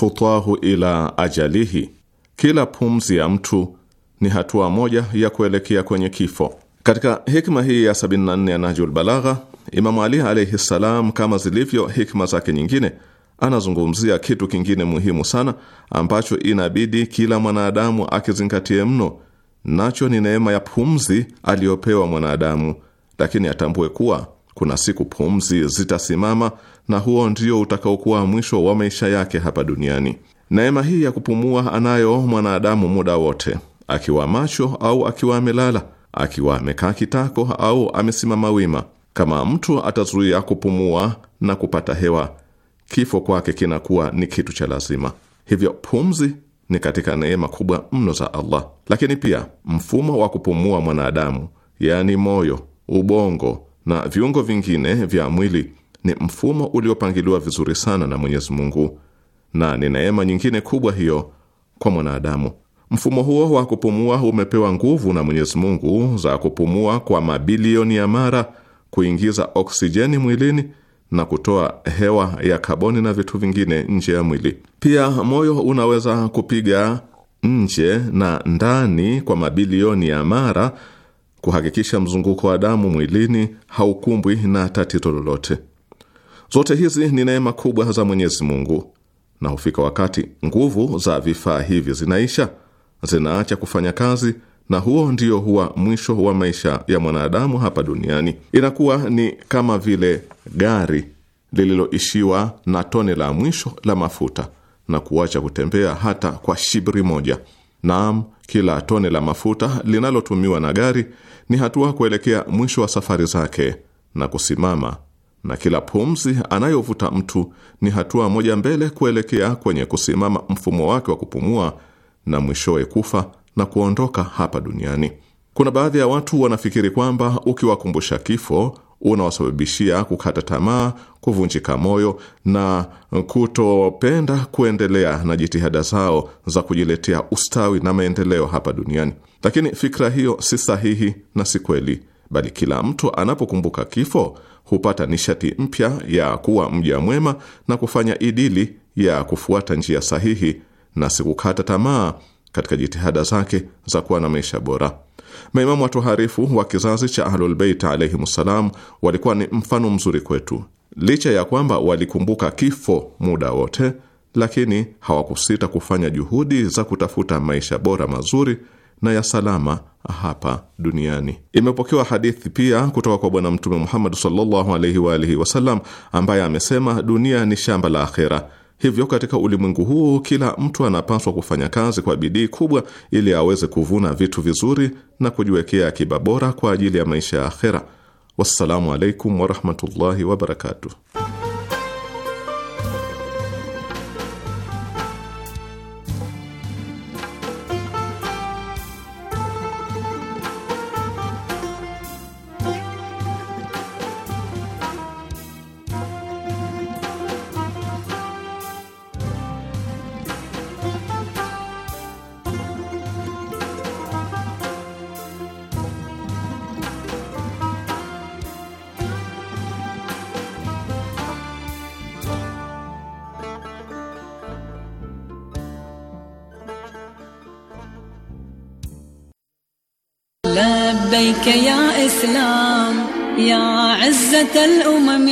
khutahu ila ajalihi, kila pumzi ya mtu ni hatua moja ya kuelekea kwenye kifo. Katika hikma hii ya 74 ya Nahjul Balagha, Imamu Ali alayhi salam, kama zilivyo hikma zake nyingine, anazungumzia kitu kingine muhimu sana ambacho inabidi kila mwanadamu akizingatie mno, nacho ni neema ya pumzi aliyopewa mwanadamu, lakini atambue kuwa kuna siku pumzi zitasimama na huo ndio utakaokuwa mwisho wa maisha yake hapa duniani. Neema hii ya kupumua anayo mwanadamu muda wote, akiwa macho au akiwa amelala, akiwa amekaa kitako au amesimama wima. Kama mtu atazuia kupumua na kupata hewa, kifo kwake kinakuwa ni kitu cha lazima. Hivyo pumzi ni katika neema kubwa mno za Allah. Lakini pia mfumo wa kupumua mwanadamu, yaani moyo, ubongo na viungo vingine vya mwili ni mfumo uliopangiliwa vizuri sana na Mwenyezi Mungu, na ni neema nyingine kubwa hiyo kwa mwanadamu. Mfumo huo wa kupumua umepewa nguvu na Mwenyezi Mungu za kupumua kwa mabilioni ya mara, kuingiza oksijeni mwilini na kutoa hewa ya kaboni na vitu vingine nje ya mwili. Pia moyo unaweza kupiga nje na ndani kwa mabilioni ya mara kuhakikisha mzunguko wa damu mwilini haukumbwi na tatizo lolote. Zote hizi ni neema kubwa za Mwenyezi Mungu, na hufika wakati nguvu za vifaa hivi zinaisha, zinaacha kufanya kazi, na huo ndio huwa mwisho wa maisha ya mwanadamu hapa duniani. Inakuwa ni kama vile gari lililoishiwa na tone la mwisho la mafuta na kuacha kutembea hata kwa shibri moja. Naam, kila tone la mafuta linalotumiwa na gari ni hatua kuelekea mwisho wa safari zake na kusimama, na kila pumzi anayovuta mtu ni hatua moja mbele kuelekea kwenye kusimama mfumo wake wa kupumua na mwishowe kufa na kuondoka hapa duniani. Kuna baadhi ya watu wanafikiri kwamba ukiwakumbusha kifo unaosababishia kukata tamaa, kuvunjika moyo na kutopenda kuendelea na jitihada zao za kujiletea ustawi na maendeleo hapa duniani. Lakini fikra hiyo si sahihi na si kweli, bali kila mtu anapokumbuka kifo hupata nishati mpya ya kuwa mja mwema na kufanya idili ya kufuata njia sahihi na si kukata tamaa katika jitihada zake za kuwa na maisha bora. Maimamu watoharifu wa kizazi cha Ahlulbeit alaihimussalam walikuwa ni mfano mzuri kwetu, licha ya kwamba walikumbuka kifo muda wote, lakini hawakusita kufanya juhudi za kutafuta maisha bora mazuri na ya salama hapa duniani. Imepokewa hadithi pia kutoka kwa Bwana Mtume Muhammad sallallahu alaihi wa alihi wasallam ambaye amesema, dunia ni shamba la akhera Hivyo katika ulimwengu huu kila mtu anapaswa kufanya kazi kwa bidii kubwa ili aweze kuvuna vitu vizuri na kujiwekea akiba bora kwa ajili ya maisha ya akhera. Wassalamu alaikum warahmatullahi wabarakatuh. الإسلام يا عزة الأمم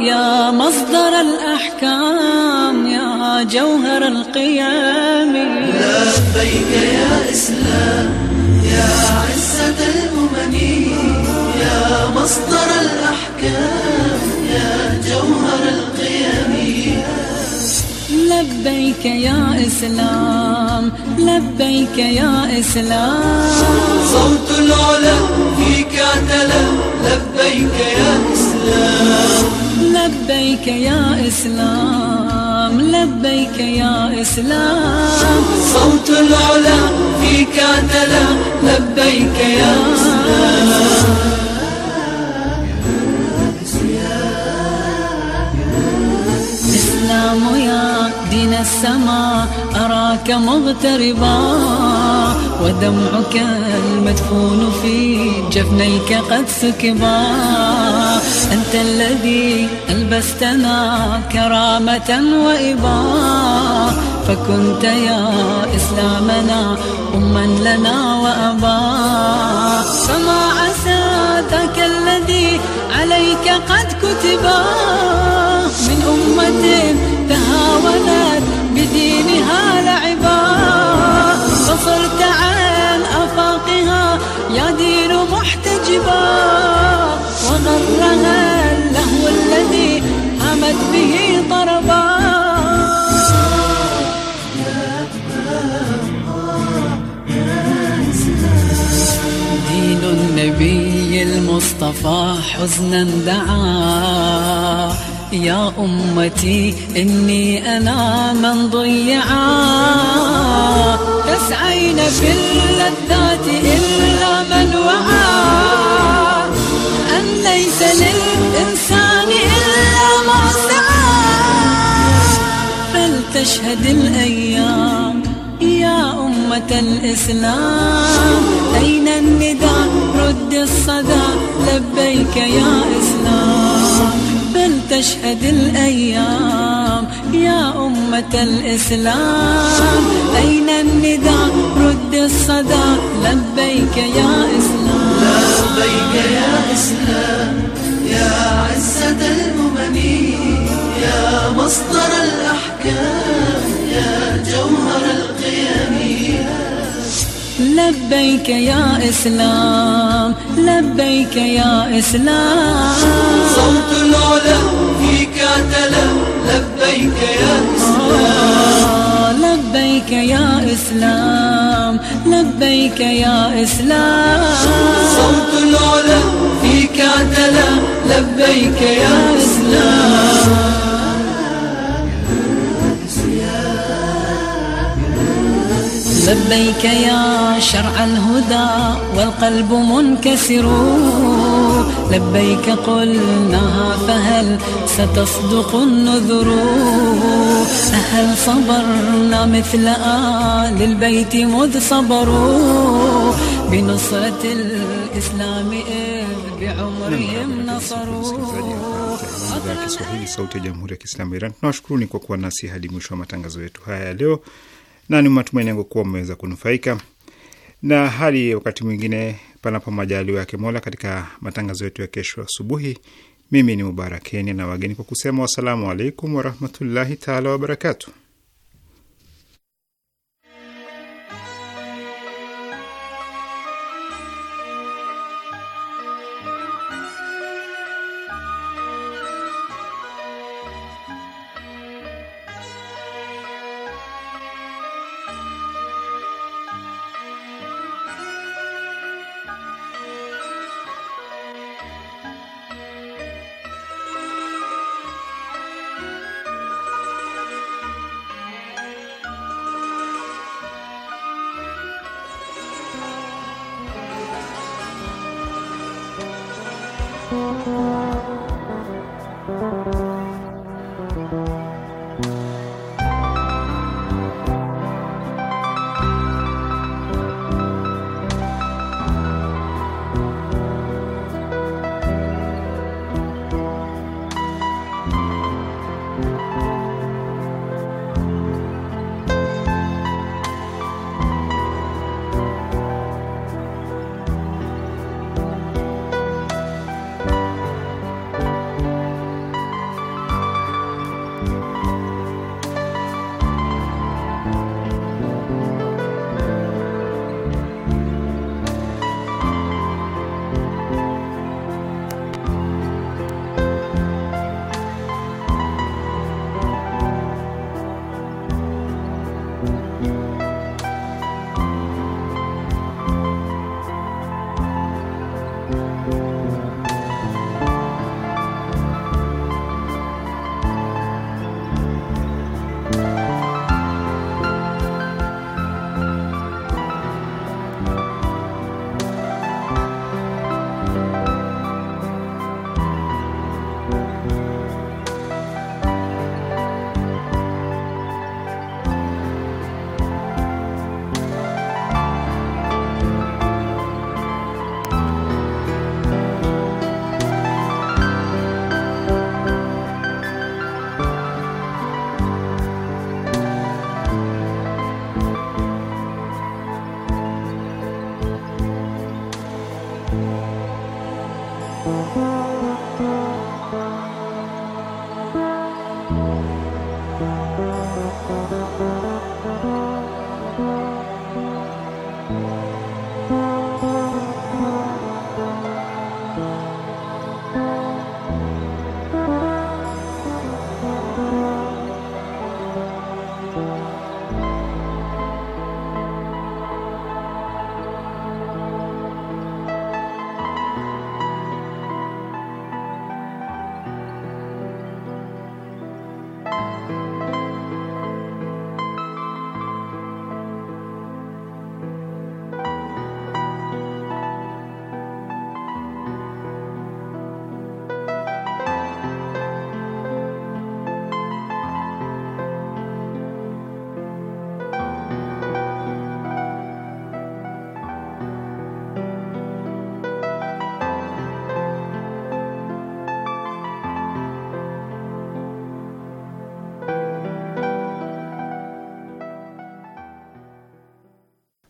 يا مصدر الأحكام يا جوهر القيام لبيك يا إسلام يا عزة الأمم يا مصدر الأحكام لبيك يا إسلام لبيك يا إسلام صوت العلا فيك اعتلى لبيك يا إسلام لبيك يا إسلام لبيك يا إسلام صوت العلا فيك اعتلى لبيك يا إسلام يا إسلام يا السماء أراك مغتربا ودمعك المدفون في جفنيك قد سكبا أنت الذي ألبستنا كرامة وإبا فكنت يا إسلامنا أما لنا وأبا فما عساتك الذي عليك قد كتبا من أمة تهاونت بدينها لعبا فصرت عن أفاقها يا دين محتجبا وغرها اللهو الذي همت به طربا دين النبي المصطفى حزنا دعاه يا أمتي إني أنا من ضيعا تسعين في اللذات إلا من وعى أن ليس للإنسان إلا ما سعى فلتشهد الأيام يا أمة الإسلام أين النداء رد الصدى لبيك يا إسلام تشهد الأيام يا أمة الإسلام أين النداء رد الصدى لبيك يا إسلام لبيك يا إسلام يا عزة الأمم يا مصدر الأحكام يا جوهر الأحكام لبيك يا إسلام لبيك يا إسلام صوت العلا فيك اعتلى لبيك يا إسلام لبيك يا إسلام لبيك يا إسلام صوت العلا فيك اعتلى لبيك يا إسلام لبيك يا شرع الهدى والقلب منكسر لبيك قلناها فهل ستصدق النذر هل صبرنا مثل آل البيت مذ صبروا بنصرة الإسلام إذ بعمرهم نصروا Idhaa ya Kiswahili, Sauti ya Jamhuri ya Kiislamu Iran, tunawashukuruni kwa kuwa nasi hadi mwisho wa matangazo yetu haya ya leo. na ni matumaini yangu kuwa mmeweza kunufaika. Na hadi wakati mwingine, panapo majaliwa yake Mola, katika matangazo yetu ya kesho asubuhi, mimi ni Mubarakeni na wageni kwa kusema wassalamu alaikum warahmatullahi taala wabarakatu.